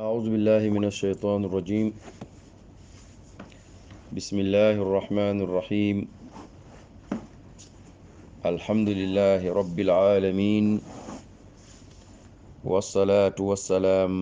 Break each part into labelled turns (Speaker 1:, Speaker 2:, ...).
Speaker 1: أعوذ بالله من الشيطان الرجيم بسم الله الرحمن الرحيم الحمد لله رب العالمين والصلاة والسلام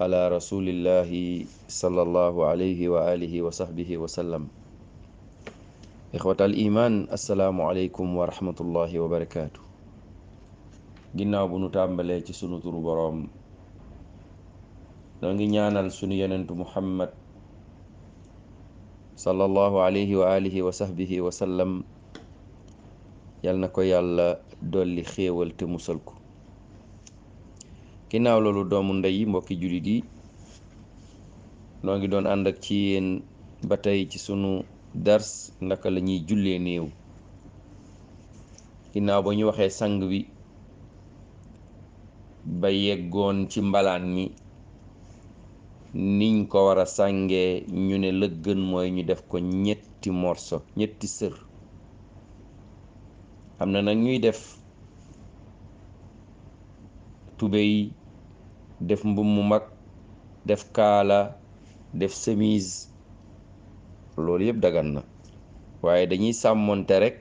Speaker 1: على رسول الله صلى الله عليه وآله وصحبه وسلم إخوة الإيمان السلام عليكم ورحمة الله وبركاته جناب نتعمل لكي سنة ربرام noo ngi ñaanal sunu yonentu muhammad sallallahu alayhi wa alihi wa sahbihi wa sallam yal na ko yàlla dolli xéewal te musal ko ginnaaw loolu doomu ndey mbokki jullit yi noo ngi doon ànd ak ci yéen ba tey ci sunu dars naka lañuy ñuy jullee néew ginnaaw ba ñu waxee sang bi ba yeggoon ci mbalaan mi niñ ko war a sàngee ñu ne la gën mooy ñu def ko ñetti morso ñetti sër am na nag ñuy def tubéy def mbubb mu mag def kaala def chemise loolu yëpp dagan na waaye dañuy sàmmoonte rekk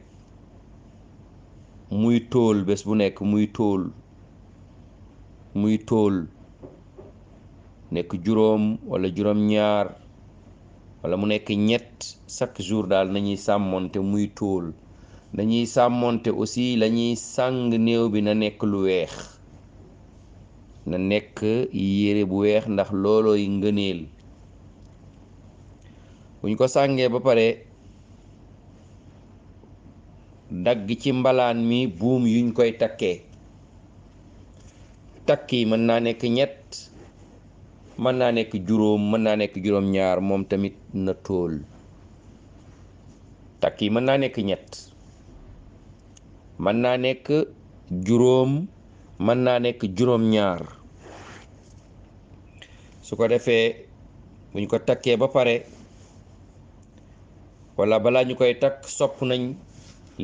Speaker 1: muy tool bés bu nekk muy tool muy tool nekk juróom wala juróom-ñaar wala mu nekk ñett chaque jour daal nañuy sàmmoonte muy tóol nañuy sàmmoonte aussi lañuy sàng néew bi na nekk lu weex na nekk yére bu weex ndax loolooy ngëneel buñ ko sàngee ba pare dagg ci mbalaan mi buum yuñ koy takkee takki mën naa nekk ñett mën naa nekk juróom mën naa nekk juróom-ñaar moom tamit na tool takk yi mën naa nekk ñett mën naa nekk juróom mën naa nekk juróom-ñaar su ko defee buñ ko takkee ba pare walla balaa ñu koy takk sopp nañ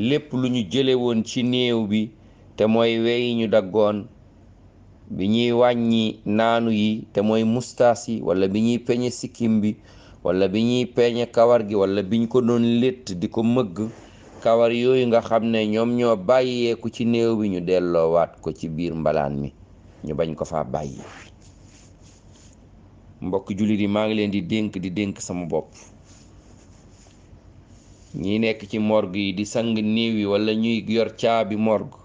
Speaker 1: lépp lu ñu jële woon ci néew bi te mooy yi ñu daggoon bi ñuy wàññi naanu yi te mooy mustaas yi wala bi ñuy peñe sikkim bi wala bi ñuy peñe kawar gi wala biñ ko doon létt di ko mëgg kawar yooyu nga xam ne ñoom ñoo bàyyeeku ci néew bi ñu delloowaat ko ci biir mbalaan mi ñu bañ ko fa bàyyi mbokk jullit yi maa ngi leen di dénk di dénk sama bopp ñi nekk ci morgue yi di sang néew yi wala ñuy yor caabi morgue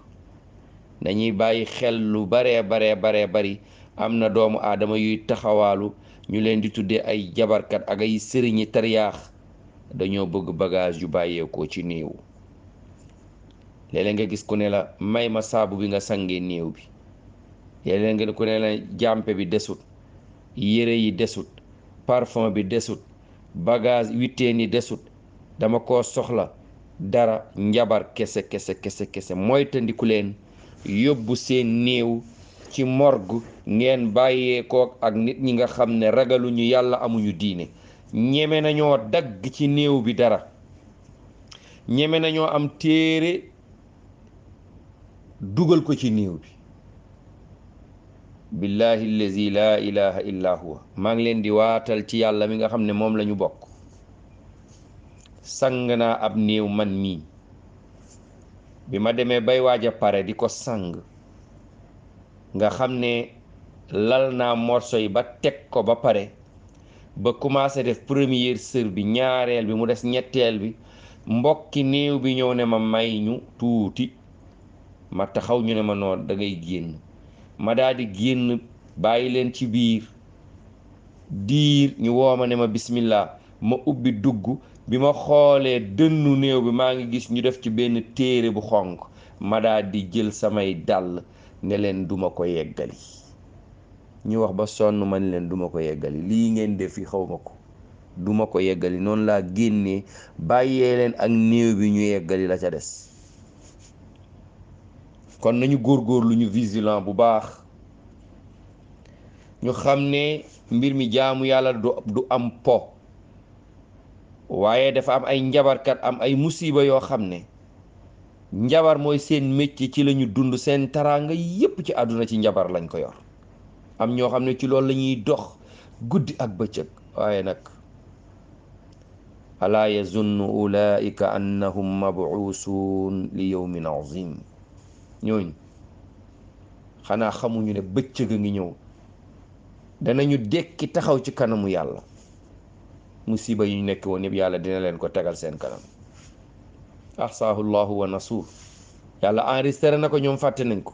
Speaker 1: nañuy bàyyi xel lu baree baree baree bari am na doomu aadama yuy taxawaalu ñu leen di tuddee ay jabarkat ak ay sëriñi tariyaax dañoo bëgg bagage yu bàyyeekoo ci néew léeg-léeg nga gis ku ne la may ma saabu bi nga sangee néew bi léeg-léeg nga ku ne la jàmpe bi desut yére yi desut parfon bi desut bagage witteen yi desut dama ko soxla dara njabar kese kese kese kese moytandiku leen yóbbu seen néew ci morgu ngeen bàyyeekook ak nit ñi nga xam ne ragaluñu yàlla amuñu diine ñeme nañoo dagg ci néew bi dara ñeme nañoo am téere dugal ko ci néew bi billahi allazi laa ilaha illa maa ngi leen di waatal ci yàlla mi nga xam ne moom lañu bokk sang naa ab néew man mii bi ma demee bay waaja pare di ko sang nga xam ne lal naa morceau yi ba teg ko ba pare ba commencé def première sër bi ñaareel bi mu des ñetteel bi mbokki néew bi ñëw ne ma may ñu tuuti ma taxaw ñu ne ma noon da ngay génn ma daal génn bàyyi leen ci biir diir ñu woo ma ne ma bismillah ma ubbi dugg bi ma xoolee dënnu néew bi maa ngi gis ñu def ci benn téere bu xonq ma daa jël samay dàll ne leen duma ko yeggali ñu wax ba sonn ma ne leen duma ko yeggali lii ngeen def fi xaw ma ko duma ko yeggali noonu laa génnee bàyyee leen ak néew bi ñu yeggali la ca des kon nañu lu ñu vigilant bu baax ñu xam ne mbir mi jaamu yàlla du du am po waaye dafa am ay njabarkat am ay musiba yoo xam ne njabar mooy seen métier ci lañu dund seen taraanga yépp ci àdduna ci njabar lañ ko yor am ñoo xam ne ci loolu lañuy dox guddi ak bëccëg waaye nag alaa yazunnu ulaika annahum mabuusuun li yawmin azim ñooñu xanaa xamuñu ne bëccëg a ngi ñëw danañu dekki taxaw ci kanamu yàlla musiba yi ñu nekk woon yëpp yàlla dina leen ko tegal seen kanam ahsaahu llahu wa nasuur yàlla enregistré na ko ñoom fàtte nañ ko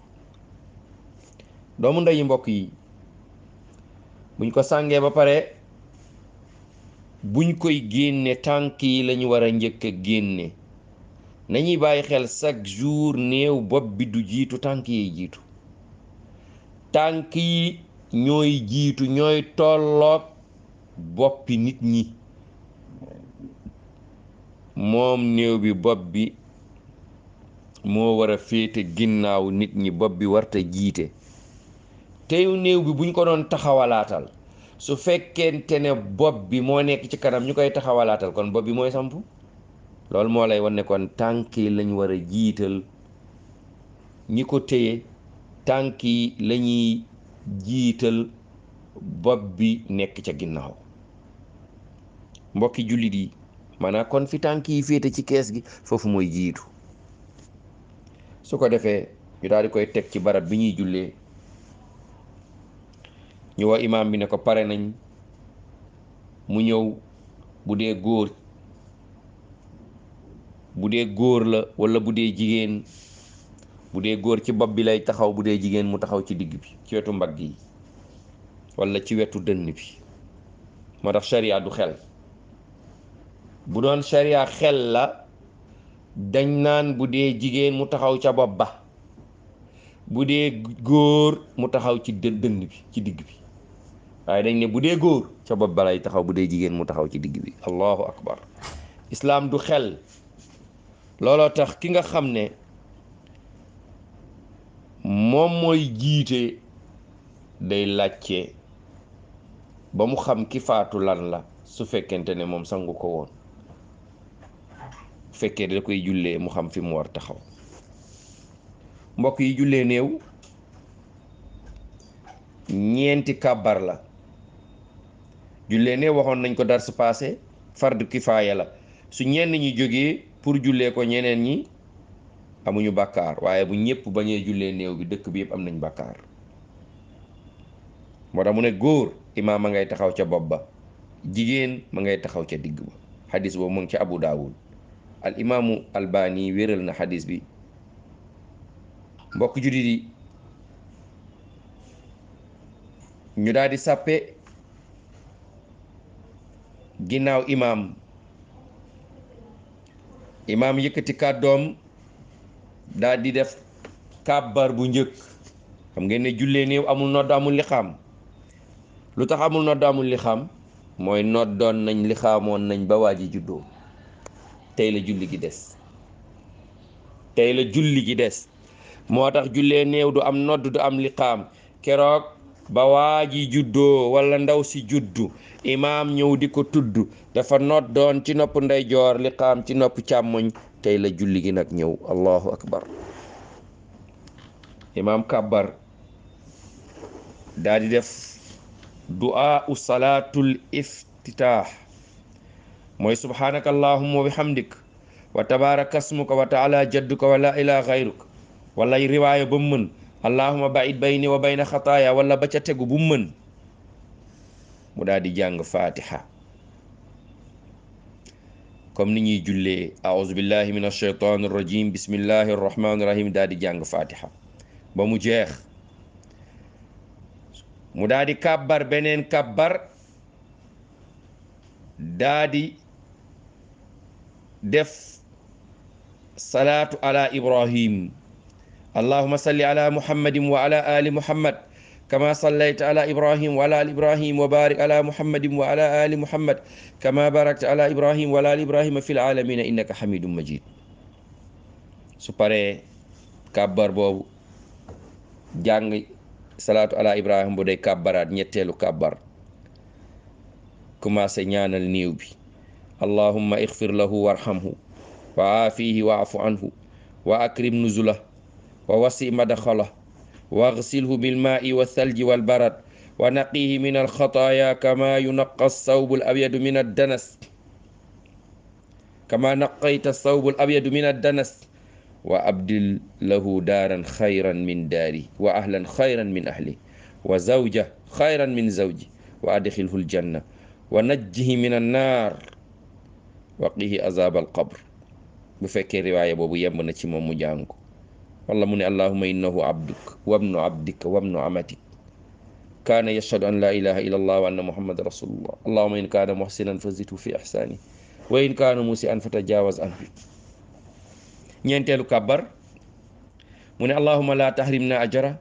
Speaker 1: doomu ndeyu mbokk yi buñ ko sàngee ba pare buñ koy génne tànk yi lañu war a njëkk a génne nañuy bàyyi xel chaque jour néew bopp bi du jiitu tànk yi jiitu tànk yi ñooy jiitu ñooy tolloog boppi nit ñi moom néew bi bopp bi moo war a féete ginnaaw nit ñi bopp bi warta jiite teyu néew bi buñ ko doon taxawalaatal su fekkente ne bopp bi moo nekk ci kanam ñu koy taxawalaatal kon bopp bi mooy samp loolu moo lay wan ne tànk yi lañu war a jiital ñi ko téye tànk yi la jiital bopp bi nekk ca ginnaaw mbokki jullit yi maanaam kon fi tànk yi féete ci kees gi foofu mooy jiitu su ko defee ñu daal di koy teg ci barab bi ñuy jullee ñu wax imaam bi ne ko pare nañ mu ñëw bu dee góor bu dee góor la walla bu dee jigéen bu dee góor ci bopp bi lay taxaw bu dee jigéen mu taxaw ci digg bi ci wetu mbagg yi walla ci wetu dënn bi moo tax sharia du xel bu doon sharia xel la dañ naan bu dee jigéen mu taxaw ca bopp ba bu dee góor mu taxaw ci dënd bi ci digg bi waaye dañ ne bu dee góor ca bopp ba lay taxaw bu dee jigéen mu taxaw ci digg bi allahu akbar islaam du xel looloo tax ki nga xam ne moom mooy jiite day laajte ba mu xam ki faatu lan la su fekkente ne moom sangu ko woon bu fekkee da koy jullee mu xam fi mu war taxaw mbokk yi jullee néew ñeenti kàbbar la jullee néew waxoon nañ ko dar su passé fardu kifaaya la su ñenn ñi jógee pour jullee ko ñeneen ñi amuñu bàkkaar waaye bu ñëpp bañee jullee néew bi dëkk bi yëpp am nañ bàkkaar moo tax mu ne góor imaam a ngay taxaw ca bopp ba jigéen ma ngay taxaw ca digg ba xadis boobu mu ngi ca Abu Daawud al imaamu albani wéral na xadis bi mbokk julit yi ñu daldi di sàppe ginnaaw imaam imaam yëkkati kàddoom daldi def kàbbar bu njëkk xam ngeen ne jullee néew amul nodd amul lixaam lu tax amul nodd amul lixaam mooy noddoon nañ lixaamoon nañ ba waa ji juddoo tey la julli gi des tey la julli gi des moo tax jullee néew du am nodd du am liqaam keroog ba waa ji juddoo walla ndaw si juddu imaam ñëw di ko tudd dafa noddoon ci noppu ndeyjoor liqaam ci noppu càmmoñ tey la julli gi nag ñëw allahu akbar imaam kàbbar daa di def duaa u salaatul iftitaax mooy subhaanaka allahumma wa bihamdik wa tabaraka asmuka wa taala jadduka wa la ilaha gayruk wala riwaaya ba mu mën allahumma baid bayni wa bayna xataaya wala ba ca tegu bu mu mën mu daal di fatiha comme ni ñuy jullee aouzu billahi min alsheytan irrajim bismillahi daal di jàng fatiha ba mu jeex mu daal di beneen kàbbar def salaatu ala ibrahim allahuma salli ala muhammadin wa ala ali muhammad kama sallayta ala ibrahim wa ala ali ibrahim wa barik ala muhammadin wa ali muhammad kama barakta ala ibrahim wa ala ali ibrahima fi lalamina innaka hamidum majid su paree boobu jàng salaatu ala ibrahim bu day kàbbaraat ñetteelu kàbbar commencé ñaanal bi allahumma ixfir lahu warhamhu wa aafihi waafu anhu wa akrim nuzulah wa wasi madaxalah wa agsilhu bilmaai walthalji walbarad wa naqihi min alxataaya kama yunaqa alsawbu alabyadu min addanas kama naqayta alsawbu alabyadu min addanas wa abdil lahu daaran xayran min daari wa ahlan xayran min ahli wa zawja xayran min zawji wa adxilhu aljanna wa najjihi min annaar waqihi azab al qabr bu fekkee riwaaya boobu yemb na ci moom mu jàng ko wala mu ne allahuma innahu abduk wabnu abdika wabnu amatik kaan yashhadu an laa ilaha illa allah wa anna muhammadan rasulullah allahuma in kaana muhsinan fa zitu fi ihsaani wa in musi an fa tajaawaz anhu ñeenteelu kabar mu ne allahuma laa tahrim na ajara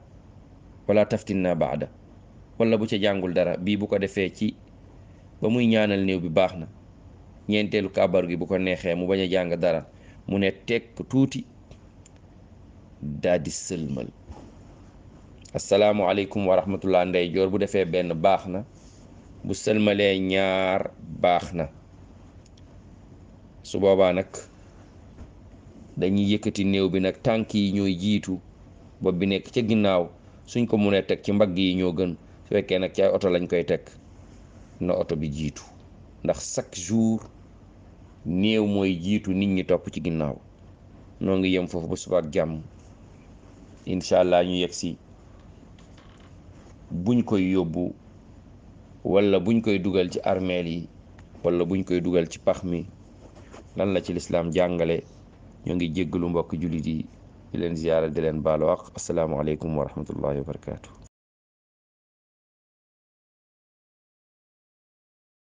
Speaker 1: wala taftin na baada wala bu ca jàngul dara bii bu ko defee ci ba muy ñaanal néew bi baax na ñeenteelu kàbbar gi bu ko neexee mu bañ a jàng dara mu ne tekk tuuti daldi di sëlmal asalaamualeykum wa rahmatullah ndeyjoor bu defee benn baax na bu sëlmalee ñaar baax na su boobaa nag dañuy yëkkati néew bi nag tànk yi ñooy jiitu bopp bi nekk ca ginnaaw suñ ko munee teg ci mbagg yi ñoo gën su fekkee nag ca oto lañ koy teg na oto bi jiitu ndax chaque jour néew mooy jiitu nit ñi topp ci ginnaaw noo ngi yem foofu ba subaak jàmm incha allah ñu yegg si buñ koy yóbbu wala buñ koy dugal ci armeel yi wala buñ koy dugal ci pax mi lan la ci lislaam jàngale ñoo ngi jéggalu mbokk jullit yi di leen ziyaara di leen baalu wax asalaamaaleykum wa rahmatullahi wa barakaatu.